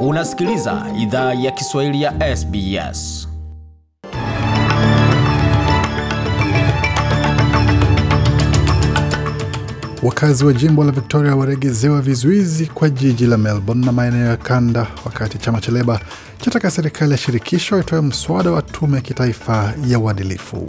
Unasikiliza idhaa ya Kiswahili ya SBS. Wakazi wa jimbo la Victoria waregezewa vizuizi kwa jiji la Melbourne na maeneo ya kanda, wakati chama cha Leba chataka serikali ya shirikisho itoe mswada wa tume ya kitaifa ya uadilifu.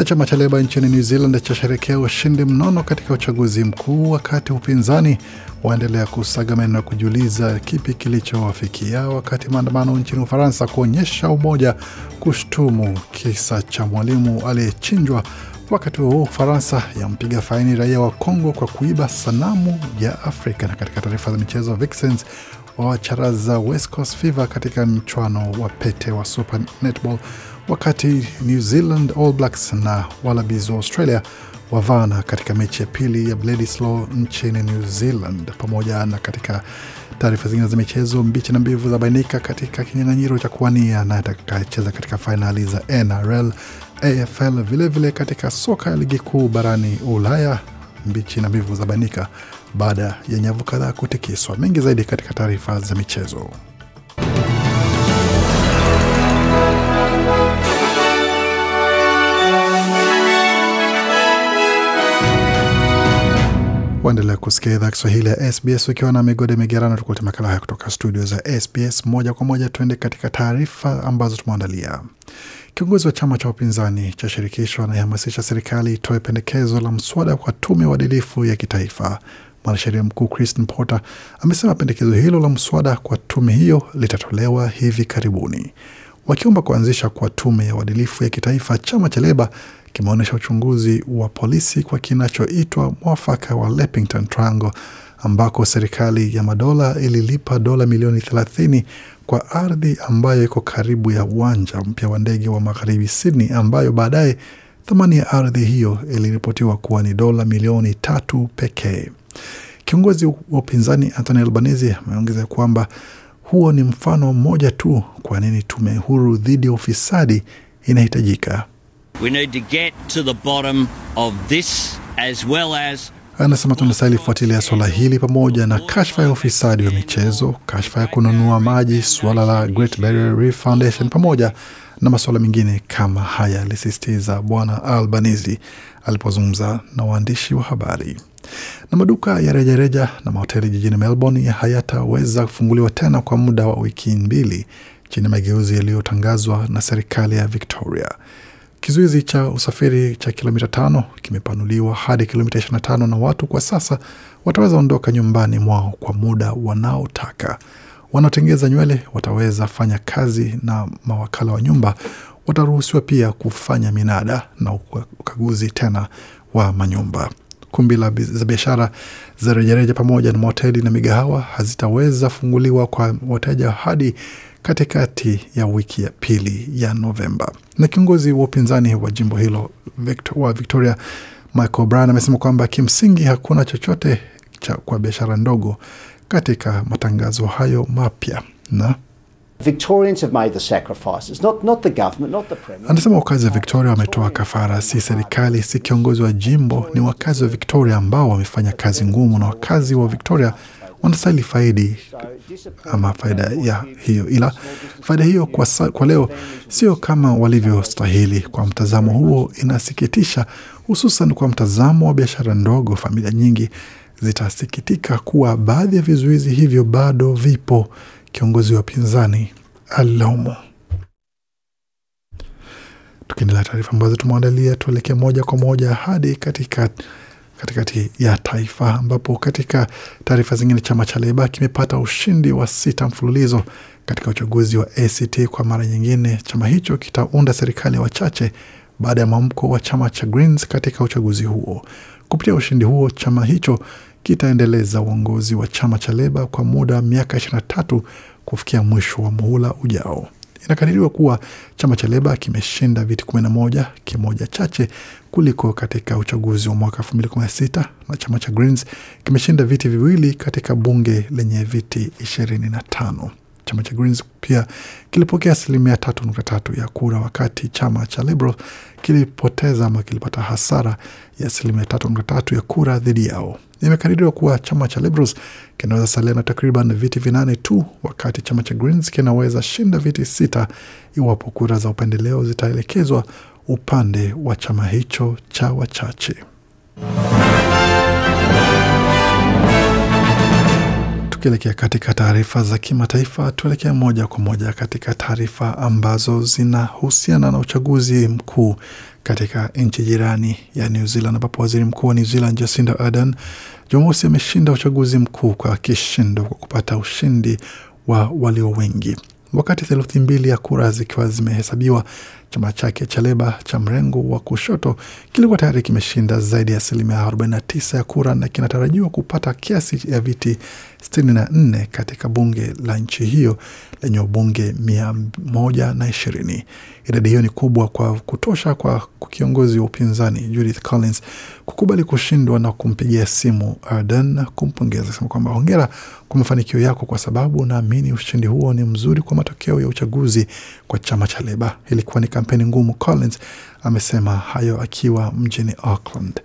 Na chama cha Leba nchini New Zealand chasherekea ushindi mnono katika uchaguzi mkuu, wakati upinzani waendelea kusaga meno ya kujiuliza kipi kilichowafikia, wakati maandamano nchini Ufaransa kuonyesha umoja kushtumu kisa cha mwalimu aliyechinjwa. Wakati huo Ufaransa yampiga faini raia wa Kongo kwa kuiba sanamu ya Afrika. Na katika taarifa za michezo, Vixens wawacharaza West Coast Fever katika mchwano wa pete wa Super Netball wakati New Zealand All Blacks na Wallabies wa Australia wavana katika mechi ya pili ya Bledisloe nchini New Zealand. Pamoja na katika taarifa zingine za michezo, mbichi na mbivu zabainika katika kinyang'anyiro cha kuwania na atakayecheza katika fainali za NRL, AFL, vilevile vile katika soka ya ligi kuu barani Ulaya. Mbichi na mbivu zabainika baada ya nyavu kadhaa kutikiswa. Mengi zaidi katika taarifa za michezo. Waendelea kusikia idhaa Kiswahili ya SBS ukiwa na migode migerano, tukulete makala haya kutoka studio za SBS moja kwa moja. Tuende katika taarifa ambazo tumeandalia. Kiongozi wa chama cha upinzani cha shirikisho anayehamasisha serikali itoe pendekezo la mswada kwa tume ya uadilifu ya kitaifa. Mwanasheria mkuu Christine Porter amesema pendekezo hilo la mswada kwa tume hiyo litatolewa hivi karibuni wakiomba kuanzisha kwa tume ya uadilifu ya kitaifa. Chama cha Leba kimeonyesha uchunguzi wa polisi kwa kinachoitwa mwafaka wa Leppington Triangle ambako serikali ya madola ililipa dola milioni 30 kwa ardhi ambayo iko karibu ya uwanja mpya wa ndege wa magharibi Sydney, ambayo baadaye thamani ya ardhi hiyo iliripotiwa kuwa ni dola milioni tatu pekee. Kiongozi wa upinzani Anthony Albanese ameongeza kwamba huo ni mfano mmoja tu kwa nini tume huru dhidi ya ufisadi inahitajika. We need to get to the bottom of this as well as Anasema tunastahili fuatilia swala hili pamoja na kashfa ya ufisadi wa michezo, kashfa ya kununua maji, suala la Great Barrier Reef Foundation pamoja na masuala mengine kama haya, alisisitiza Bwana Albanese alipozungumza na waandishi wa habari. Na maduka ya rejareja reja na mahoteli jijini Melbourne hayataweza kufunguliwa tena kwa muda wa wiki mbili chini ya mageuzi yaliyotangazwa na serikali ya Victoria. Kizuizi cha usafiri cha kilomita tano kimepanuliwa hadi kilomita 25 na watu kwa sasa wataweza ondoka nyumbani mwao kwa muda wanaotaka. Wanaotengeza nywele wataweza fanya kazi na mawakala wa nyumba wataruhusiwa pia kufanya minada na ukaguzi tena wa manyumba kumbi la za biashara za rejareja pamoja na mahoteli na migahawa hazitaweza funguliwa kwa wateja hadi katikati ya wiki ya pili ya Novemba. Na kiongozi wa upinzani wa jimbo hilo Victor, wa Victoria Michael Brown amesema kwamba kimsingi hakuna chochote cha kwa biashara ndogo katika matangazo hayo mapya na Anasema wakazi wa Victoria wametoa kafara, si serikali, si kiongozi wa jimbo, ni wakazi wa Victoria ambao wamefanya kazi ngumu, na wakazi wa Victoria wanastahili faidi ama faida ya hiyo, ila faida hiyo kwa, sa, kwa leo sio kama walivyostahili. Kwa mtazamo huo, inasikitisha, hususan kwa mtazamo wa biashara ndogo. Familia nyingi zitasikitika kuwa baadhi ya vizuizi hivyo bado vipo kiongozi wa pinzani alilaumu. Tukiendelea taarifa ambazo tumeandalia, tuelekee moja kwa moja hadi katika katikati ya taifa ambapo katika taarifa zingine chama cha Leba kimepata ushindi wa sita mfululizo katika uchaguzi wa ACT. Kwa mara nyingine, chama hicho kitaunda serikali ya wachache baada ya mwamko wa chama cha Greens katika uchaguzi huo. Kupitia ushindi huo, chama hicho kitaendeleza uongozi wa chama cha Leba kwa muda wa miaka 23 kufikia mwisho wa muhula ujao. Inakadiriwa kuwa chama cha Leba kimeshinda viti 11, kimoja chache kuliko katika uchaguzi wa mwaka 2016 na chama cha Greens kimeshinda viti viwili katika bunge lenye viti 25. Chama cha Greens pia kilipokea asilimia tatu nukta tatu ya kura, wakati chama cha Liberal kilipoteza ama kilipata hasara ya asilimia tatu nukta tatu ya kura dhidi yao. Imekadiriwa kuwa chama cha Liberals kinaweza salia na takriban viti vinane tu, wakati chama cha Greens kinaweza shinda viti sita iwapo kura za upendeleo zitaelekezwa upande wa chama hicho cha wachache. Tukielekea katika taarifa za kimataifa, tuelekee moja kwa moja katika taarifa ambazo zinahusiana na uchaguzi mkuu katika nchi jirani ya New Zealand, ambapo waziri mkuu wa New Zealand Jacinda Ardern Jumamosi ameshinda uchaguzi mkuu kwa kishindo kwa kupata ushindi wa walio wengi, wakati theluthi mbili ya kura zikiwa zimehesabiwa Chama chake cha Leba cha mrengo wa kushoto kilikuwa tayari kimeshinda zaidi ya asilimia 49 ya kura na kinatarajiwa kupata kiasi ya viti 64 katika bunge la nchi hiyo lenye wabunge 120. Idadi hiyo ni kubwa kwa kutosha kwa kiongozi wa upinzani Judith Collins kukubali kushindwa na kumpigia simu Ardern kumpongeza, sema kwamba hongera kwa mafanikio yako, kwa sababu naamini ushindi huo ni mzuri kwa matokeo ya uchaguzi kwa chama cha Leba. Ilikuwa ni kampeni ngumu, Collins amesema hayo akiwa mjini Auckland.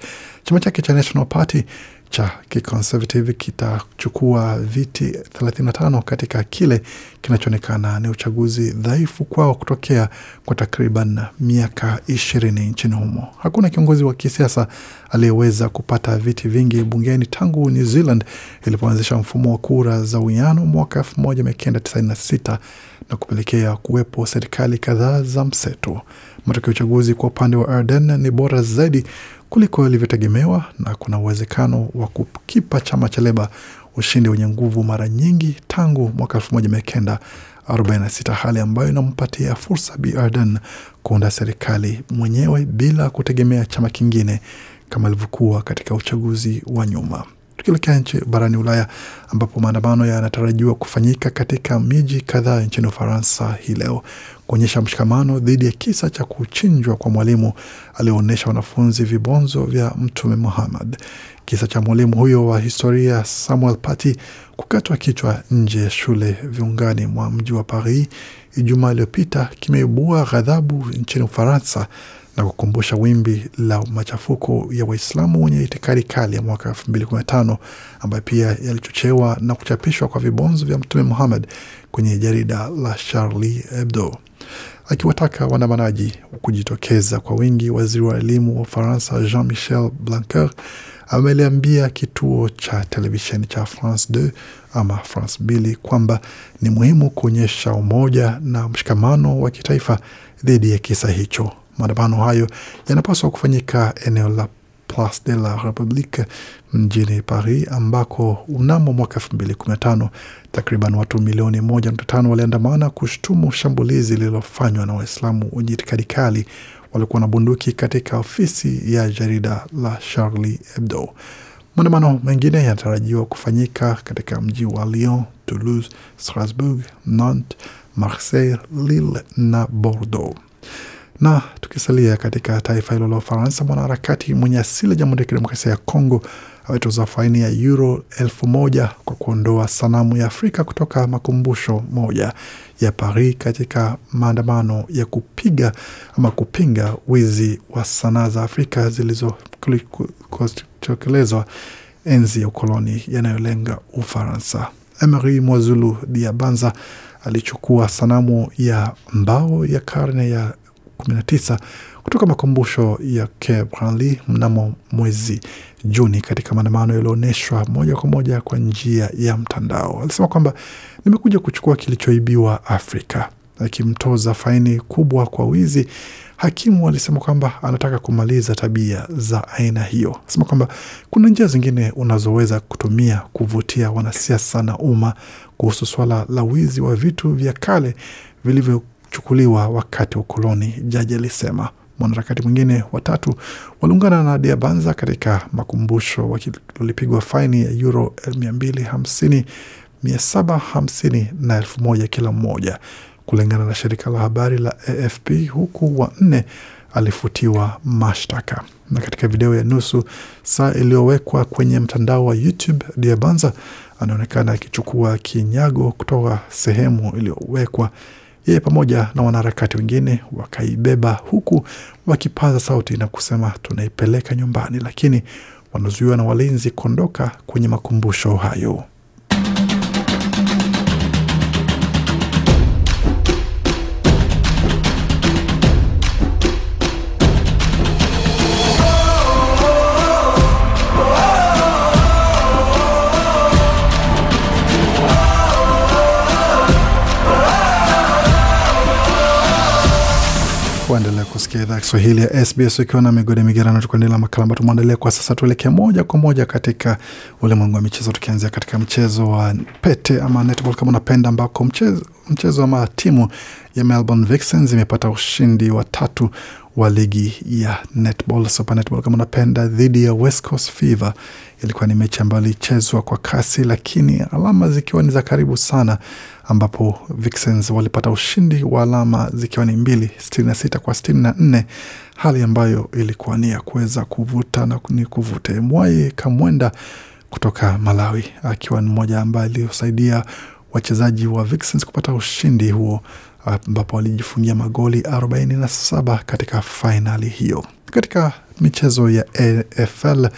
Chama chake cha National Party cha kiconservative kitachukua viti 35 katika kile kinachoonekana ni uchaguzi dhaifu kwao kutokea kwa takriban miaka ishirini nchini humo. Hakuna kiongozi wa kisiasa aliyeweza kupata viti vingi bungeni tangu New Zealand ilipoanzisha mfumo wa kura za uwiano mwaka 1996 na kupelekea kuwepo serikali kadhaa za mseto matokeo ya uchaguzi kwa upande wa Arden ni bora zaidi kuliko ilivyotegemewa na kuna uwezekano wa kukipa chama cha Leba ushindi wenye nguvu mara nyingi tangu mwaka 46 hali ambayo inampatia fursa Bi kuunda serikali mwenyewe bila kutegemea chama kingine kama ilivyokuwa katika uchaguzi wa nyuma. Tukielekea nchi barani Ulaya ambapo maandamano yanatarajiwa kufanyika katika miji kadhaa nchini Ufaransa hii leo kuonyesha mshikamano dhidi ya kisa cha kuchinjwa kwa mwalimu aliyoonyesha wanafunzi vibonzo vya Mtume Muhammad. Kisa cha mwalimu huyo wa historia Samuel Paty kukatwa kichwa nje ya shule viungani mwa mji wa Paris Ijumaa iliyopita kimeibua ghadhabu nchini Ufaransa na kukumbusha wimbi la machafuko ya Waislamu wenye itikadi kali ya mwaka tano ambayo pia yalichochewa na kuchapishwa kwa vibonzo vya Mtume Muhammad kwenye jarida la Charlie Hebdo akiwataka waandamanaji kujitokeza kwa wingi. Waziri wa elimu wa Ufaransa Jean Michel Blanquer ameliambia kituo cha televisheni cha France 2 ama France mbili kwamba ni muhimu kuonyesha umoja na mshikamano wa kitaifa dhidi ya kisa hicho. Maandamano hayo yanapaswa kufanyika eneo la Place de la Republique mjini Paris, ambako unamo mwaka 2015 takriban watu milioni tano waliandamana kushtumu shambulizi lililofanywa na Waislamu wenye itikadi kali walikuwa na bunduki katika ofisi ya jarida la Charlie Hebdo. Maandamano mengine yanatarajiwa kufanyika katika mji wa Lyon, Toulouse, Strasbourg, Nantes, Marseille, Lille na Bordeaux. Na tukisalia katika taifa hilo la Ufaransa, mwanaharakati mwenye asili ya Jamhuri ya Kidemokrasia ya Kongo ametoza faini ya euro elfu moja kwa kuondoa sanamu ya Afrika kutoka makumbusho moja ya Paris katika maandamano ya kupiga ama kupinga wizi wa sanaa za Afrika zilizotekelezwa enzi ya ukoloni yanayolenga Ufaransa. Emery Mwazulu Diabanza alichukua sanamu ya mbao ya karne ya 19 kutoka makumbusho ya Kebranli mnamo mwezi Juni katika maandamano yaliyoonyeshwa moja kwa moja kwa njia ya mtandao. Alisema kwamba nimekuja kuchukua kilichoibiwa Afrika, akimtoza faini kubwa kwa wizi. Hakimu alisema kwamba anataka kumaliza tabia za aina hiyo. Sema kwamba kuna njia zingine unazoweza kutumia kuvutia wanasiasa na umma kuhusu swala la wizi wa vitu vya kale vilivyo kuchukuliwa wakati wa ukoloni, jaji alisema. Mwanaharakati mwingine watatu waliungana na Diabanza katika makumbusho, walipigwa faini ya euro 250, 750 na 1000 kila mmoja, kulingana na shirika la habari la AFP, huku wanne alifutiwa mashtaka. Na katika video ya nusu saa iliyowekwa kwenye mtandao wa YouTube, Diabanza anaonekana akichukua kinyago kutoka sehemu iliyowekwa yeye pamoja na wanaharakati wengine wakaibeba huku wakipaza sauti na kusema tunaipeleka nyumbani, lakini wanazuiwa na walinzi kuondoka kwenye makumbusho hayo. kusikia idhaa Kiswahili ya SBS ukiwa na migodi migerano, tukuendelea makala ambayo tumeandalia kwa sasa. Tuelekee moja kwa moja katika ulimwengu wa michezo, tukianzia katika mchezo wa pete ama netball kama unapenda, ambako mchezo mchezo wa matimu ya Melbourne Vixens imepata ushindi wa tatu wa ligi ya netball, super netball kama unapenda, dhidi ya West Coast Fever. Ilikuwa ni mechi ambayo ilichezwa kwa kasi, lakini alama zikiwa ni za karibu sana, ambapo Vixens walipata ushindi wa alama zikiwa ni mbili, 66 kwa 64, hali ambayo ilikuwa ni ya kuweza kuvuta na ni kuvute. Mwai Kamwenda kutoka Malawi akiwa ni mmoja ambaye aliyosaidia wachezaji wa Vixens kupata ushindi huo ambapo walijifungia magoli 47 katika fainali hiyo. Katika michezo ya AFL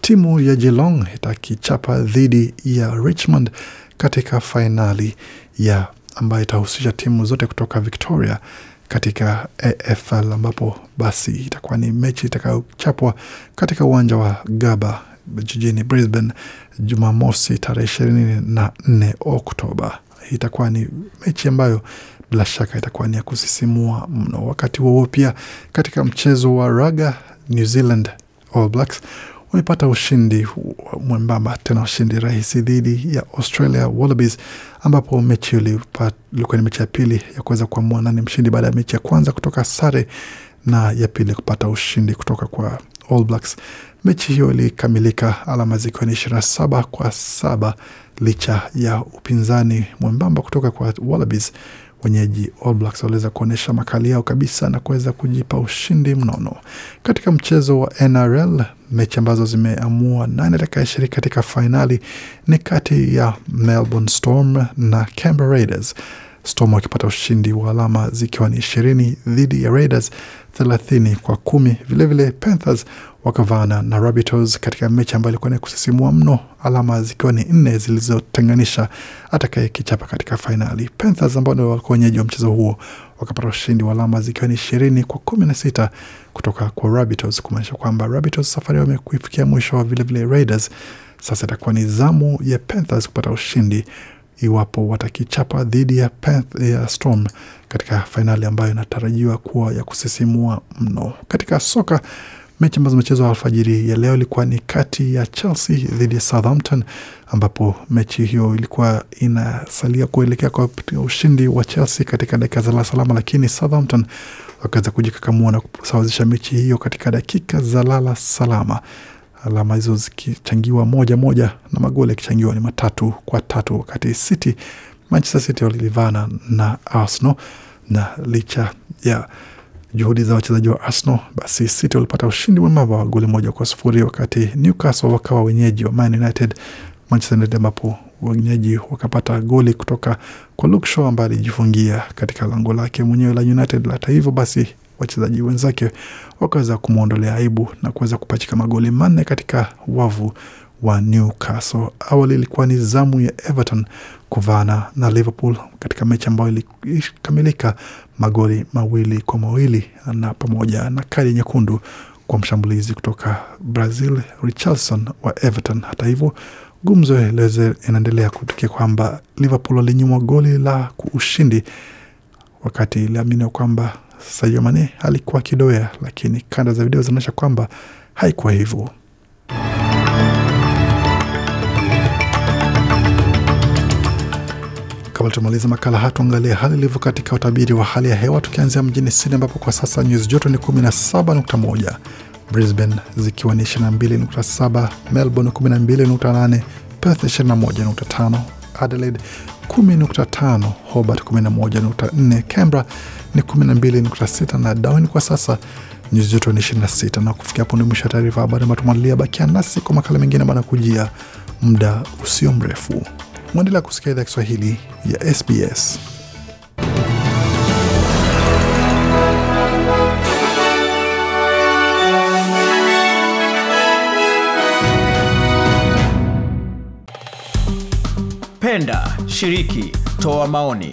timu ya Geelong itakichapa dhidi ya Richmond katika fainali ya ambayo itahusisha timu zote kutoka Victoria katika AFL ambapo basi itakuwa ni mechi itakayochapwa katika uwanja wa Gabba jijini Brisbane Jumamosi tarehe ishirini na nne Oktoba. Itakuwa ni mechi ambayo bila shaka itakuwa ni ya kusisimua mno. Wakati huo pia, katika mchezo wa raga, New Zealand All Blacks wamepata ushindi mwembamba, tena ushindi rahisi dhidi ya Australia Wallabies, ambapo mechi ilikuwa ni mechi ya pili ya kuweza kuamua nani mshindi baada ya mechi ya kwanza kutoka sare na ya pili kupata ushindi kutoka kwa All Blacks. Mechi hiyo ilikamilika alama zikiwa ni 27 kwa saba licha ya upinzani mwembamba kutoka kwa Wallabies wenyeji All Blacks waliweza kuonyesha makali yao kabisa na kuweza kujipa ushindi mnono katika mchezo wa NRL. Mechi ambazo zimeamua nane dakika katika fainali ni kati ya Melbourne Storm na Canberra Raiders. Storm wakipata ushindi wa alama zikiwa ni ishirini dhidi ya Raiders thelathini kwa kumi. Vilevile Panthers wakavana na Rabbitohs katika mechi ambayo ilikuwa ni kusisimua mno, alama zikiwa ni nne zilizotenganisha atakaye kichapa katika fainali. Panthers ambao ndio walikuwa wenyeji wa mchezo huo wakapata ushindi wa alama zikiwa ni ishirini kwa kumi na sita kutoka kwa Rabbitohs, kumaanisha kwamba Rabbitohs safari wamekuifikia mwisho. Vilevile Raiders sasa itakuwa ni zamu ya Panthers kupata ushindi iwapo watakichapa dhidi ya Perth ya Storm katika fainali ambayo inatarajiwa kuwa ya kusisimua mno. Katika soka mechi ambazo zimechezwa alfajiri ya leo ilikuwa ni kati ya Chelsea dhidi ya Southampton, ambapo mechi hiyo ilikuwa inasalia kuelekea kwa ushindi wa Chelsea katika dakika za la salama, lakini Southampton wakaweza kujikakamua na kusawazisha mechi hiyo katika dakika za lala salama alama hizo zikichangiwa moja moja na magoli yakichangiwa ni matatu kwa tatu, wakati City Manchester City walilivana na Arsenal, na licha ya juhudi za wachezaji wa Arsenal, basi City walipata ushindi mwembamba wa goli moja kwa sufuri, wakati Newcastle wakawa wenyeji wa Man United. Manchester United ambapo wenyeji wakapata goli kutoka kwa Luke ambaye alijifungia katika lango lake mwenyewe la United. Hata hivyo basi wachezaji wenzake wakaweza kumwondolea aibu na kuweza kupachika magoli manne katika wavu wa Newcastle. Awali ilikuwa ni zamu ya Everton kuvaana na Liverpool katika mechi ambayo ilikamilika magoli mawili kwa mawili na pamoja na kadi nyekundu kwa mshambulizi kutoka Brazil Richarlison wa Everton. Hata hivyo, gumzo inaendelea kutokea kwamba Liverpool walinyimwa goli la ushindi wakati iliaminiwa kwamba Sadio Mane alikuwa akidoea, lakini kanda za video zinaonyesha kwamba haikuwa hivyo. Kabla tumaliza makala haya, tuangalie hali ilivyo katika utabiri wa hali ya hewa, tukianzia mjini Sydney ambapo kwa sasa nyuzi joto ni 17.1, Brisbane zikiwa ni 22.7, Melbourne 12.8, Perth 21.5, Adelaide 10.5, Hobart 11.4, Canberra ni 12.6 na Darwin kwa sasa nyuzi joto ni 26. Na kufikia hapo ni mwisho wa taarifa habari ambayo Bakia nasi kwa makala mengine ambayo kujia muda usio mrefu. Mwendelea kusikia idhaa Kiswahili ya SBS. Penda, shiriki, toa maoni